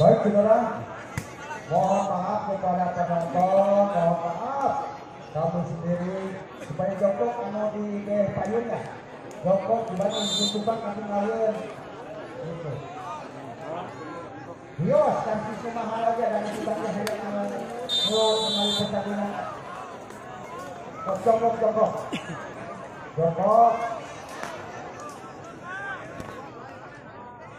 Baik saudara, mohon maaf kepada penonton, mohon maaf kamu sendiri supaya jokok mau di eh, payung ya. Jongkok gimana tutupan kamu ngalir. Gitu. Yo, kasih semahal aja dan sifatnya hanya kamu. Yo, kembali pertandingan. jokok jokok jokok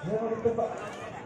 Dia mau ditebak.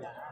Yeah.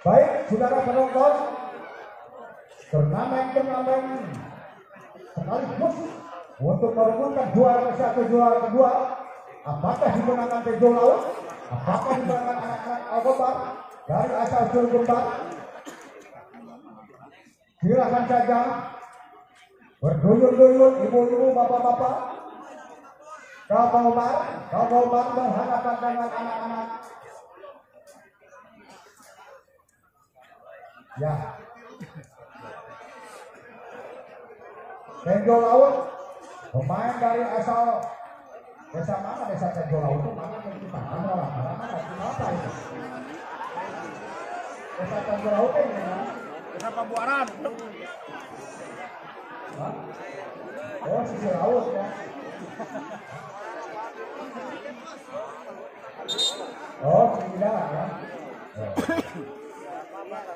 Baik, saudara penonton, turnamen-turnamen sekaligus untuk merebutkan juara ke satu, juara kedua. Apakah dimenangkan Tejo Laut? Apakah dimenangkan anak-anak Alkobar dari asal Jol Gembar? Silakan saja berduyun-duyun ibu-ibu, bapak-bapak. Kau mau mar, kau anak-anak Ya. Tenggol Laut, pemain dari asal desa mana desa Tenggol Laut itu mana yang kita kan lah, mana kita apa itu? Desa Tenggol Laut ini ya. Desa Pabuaran. Oh, sisi laut ya. Oh, sisi darat ya. Oh. Kan?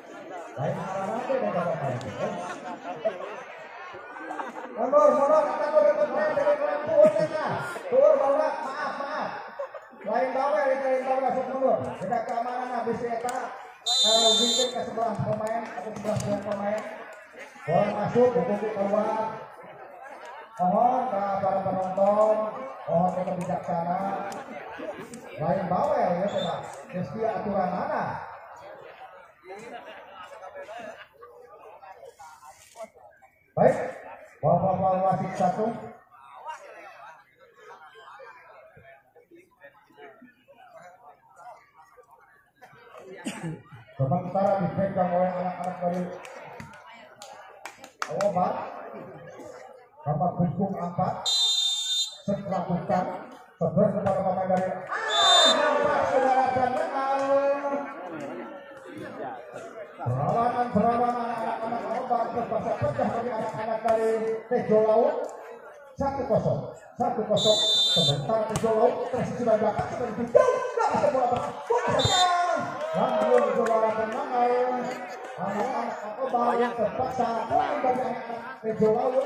Mundur, mundur, kata gue deket main, deket maaf, maaf. Lain bawel, lain bawel, masuk mundur. Tidak keamanan habis eta. Ya, Kalau bikin ke sebelah pemain, atau sebelah sebelah pemain. Bola masuk, buku keluar. Mohon ke para penonton, mohon ke kebijaksanaan. Lain bawel ya, pak, Meski aturan mana? Baik, bapak-bapak wasit satu. Sementara dipegang oleh anak-anak dari Obat, Bapak Bukum Ampat, setelah bukan, sebelah kepada Bapak dari Ah, Bapak saudara dan Perlawanan-perlawanan anak-anak obat terpaksa pecah dari anak-anak dari Tejo Laut. Satu kosong, satu kosong. Sebentar Tejo Laut presisi dari belakang sudah dipindah. Tidak bisa bola belakang. Bola belakang. Namun Tejo Laut menang. Anak-anak obat terpaksa dari anak-anak Tejo Laut.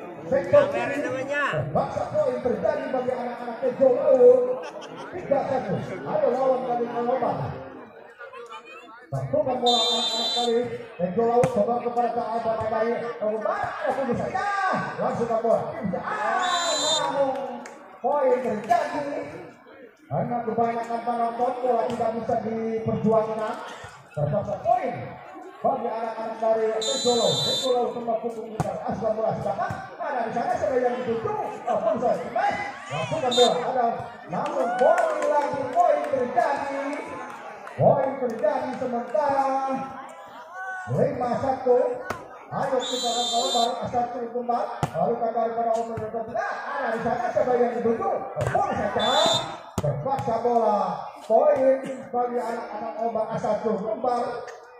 Kamer namanya. Masa poin terjadi bagi anak-anak Tejo Laut Tiga satu. Ayo lawan kami lawan. Satukan bola anak-anak kali. Tejo Laut coba kepada Abang Abai. Kembali aku bisa. Ya, langsung ke bola. Namun poin terjadi. Karena kebanyakan penonton bola tidak bisa diperjuangkan. Terpaksa poin bagi anak-anak dari Solo, Solo tempat pukul kita asal bola sekarang ada di sana sudah yang dituju saya? baik masukkan bola ada namun poin lagi poin terjadi poin terjadi sementara lima satu Ayo kita kalau baru asal kembali baru kakak para umur berkembang ada di sana sudah yang dituju bola saja terpaksa bola poin bagi anak-anak obat asal kembali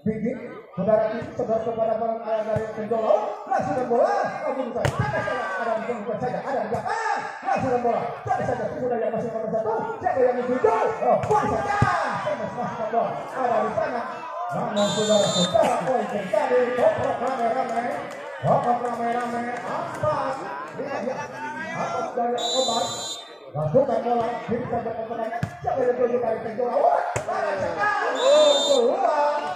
Bibi, saudara itu saudara-saudara kepada ayah dari Penjolo, ada bola, aku bisa, tanda saja, ada yang bukan saja, ada yang ah, masih ada bola, tanda saja, sudah yang masih nomor satu, siapa yang itu itu, oh, poin saja, masih ada bola, ada di sana, mana saudara-saudara, poin terjadi, ramai, rame-rame, toplok rame-rame, empat, apa dari obat, masukkan bola, kita saja pemenangnya, siapa yang itu dari Penjolo, ada yang enggak, keluar,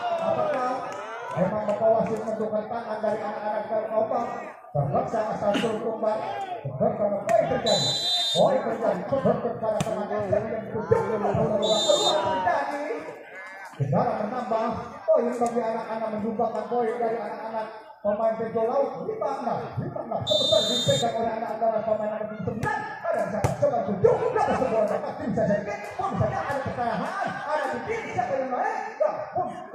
maka memang wasit menentukan tangan dari anak-anak dari Opang Terleksa asal suruh kumbar Berkara boy terjadi Boy terjadi Berkara teman dan terjadi Kendara menambah poin bagi anak-anak menyumbangkan poin dari anak-anak pemain Tejo Laut lima enam sebesar dipegang oleh anak-anak pemain nomor 9 ada sangat sebab tujuh ada sebuah maka tim saja ini pun saja ada kesalahan ada sedikit siapa yang baik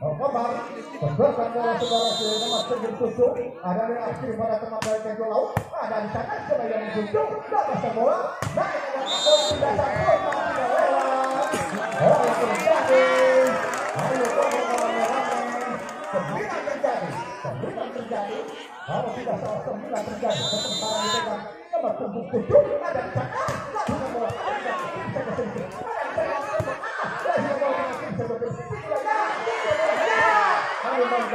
Komar, berdosa saudara ada teman laut, ada di sana dapat semua, tidak terjadi, terjadi, kalau tidak salah sembilan terjadi, sementara itu kan, nomor kan, tujuh ada di sana,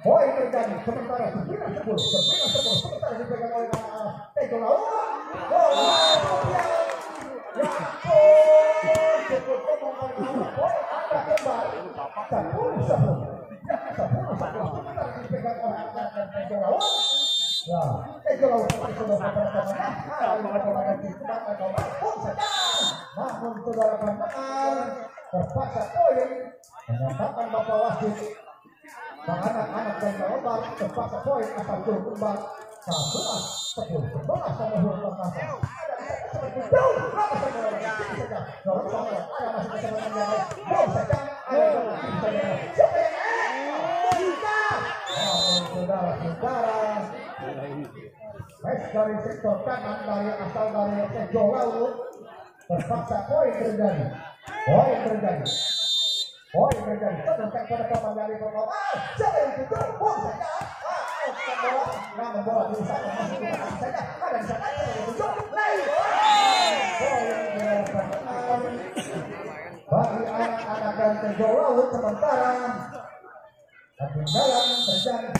Poin terjadi sementara 9 10 11 10 sementara dipegang oleh anak-anak Tejo Laura. terpaksa poin Bapak seobat, cepat ke poin, akan turun kembang. Satu, sepuluh, sebelas, sama dua, dua, apa ada? ada masih ada dari sektor kanan dari asal dari Sejo Laut terpaksa poin terjadi. Poin terjadi. Oh, ini kan sampai pada kapan Ah, nggak ada di sana. Bagi anak-anak dan terjauh laut sementara dalam terjadi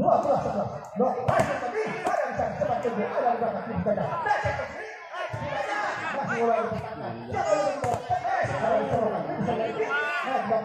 dua belas sebelas dua masih tapi pada yang cepat kedua ada berapa kita dah masih mulai bertanya jangan lupa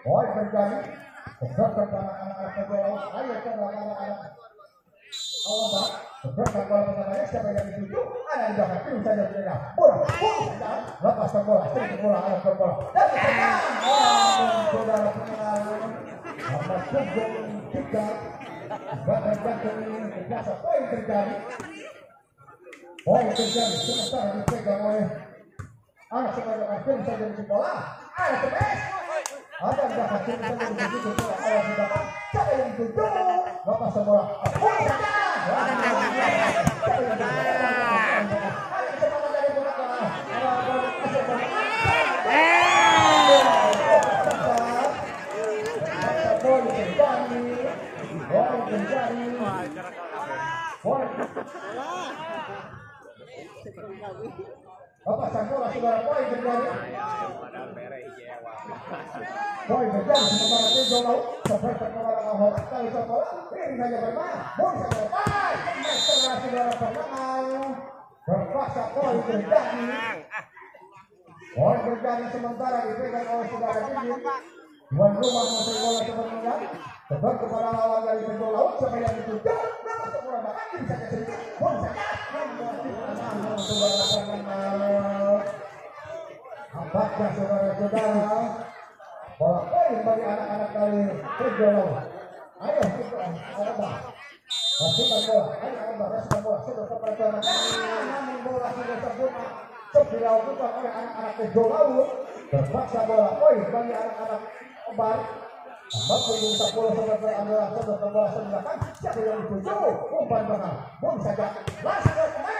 Boy menjadi Sebesar para anak-anak tergolong Ayo coba anak-anak Awal Sebesar bola pertama ya Siapa yang dituju Ada di belakang Tim saja berbeda Bola Lepas ke bola Tim ke bola Ayo ke bola Dan sekarang Oh Saudara pengaruh Sama Sugeng Tiga Bahkan-bahkan ini Biasa poin terjadi Poin oh, terjadi Sementara dipegang oleh Anak sekolah kafir saja di bola Ayo ke ada yang dapat kita menjadi sebuah Allah mendapat cara yang betul. Bapak jarak kalah. Bapak Sangkola sudah poin terjadi. Poin berjalan sementara tim Jono sampai perkembangan Ahok kali sekolah ini saja bermain, bola saja master master saudara permenang berpaksa poin ini Poin terjadi sementara dipegang oleh saudara Dini. Tuan rumah masuk bola sebenarnya sebab kepada lawan dari Jono sampai yang itu jangan semua bahkan bisa jadi bola saja. Apakah saudara-saudara bola poin bagi anak-anak dari Tegolo? Ayo, kita Arba. Masukkan bola, ayo Arba, masukkan bola, sudah sampai ke anak Namun bola sudah sempurna. Dilakukan oleh anak-anak Tegolo. Terpaksa bola poin bagi anak-anak Obar. Mampu menyusap bola sampai ke adalah sudah bola sembilan. Siapa yang dituju? Umpan tengah. Bung saja. Langsung ke kemana?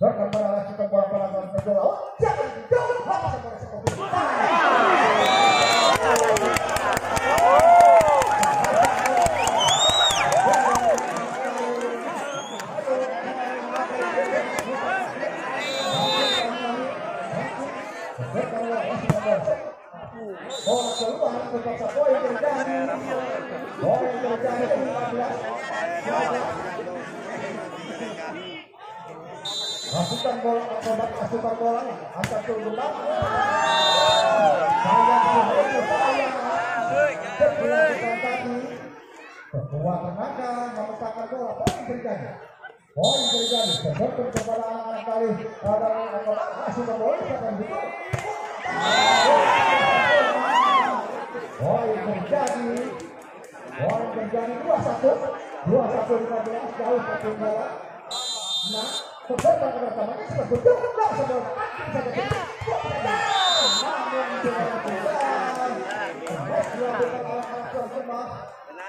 Mereka para laki para para para para para para para Anda memetakan bola poin berikan poin berikan terbentuk kepada anak-anak kali pada anak masih berbola itu poin terjadi poin terjadi dua satu dua satu lima belas jauh satu bola nah terbentuk kepada temannya sudah berdua berdua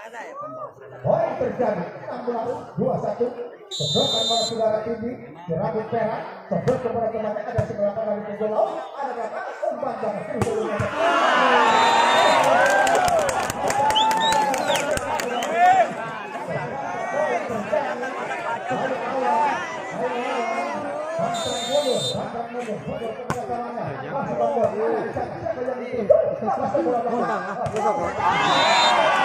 Poin terjadi 16 21 sebelum kepada saudara ini dirapin perak sebelum kepada teman ada seberapa dari pukul laut ada berapa umpan dan telah menonton!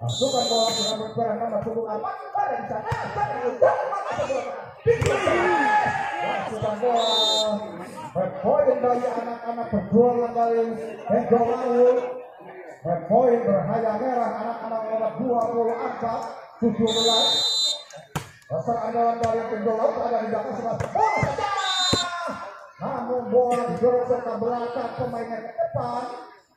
Bukan bahwa bukan berperang nama tubuh apa pada di sana. Pasukan bola berpoin dari anak-anak perjuangan dari Hendro Lawu. Berpoin berhaya merah anak-anak nomor 20 17. Pasar andalan dari Hendro Lawu ada di belakang sebelah bola saja. Namun bola digoreng ke belakang pemainnya ke depan.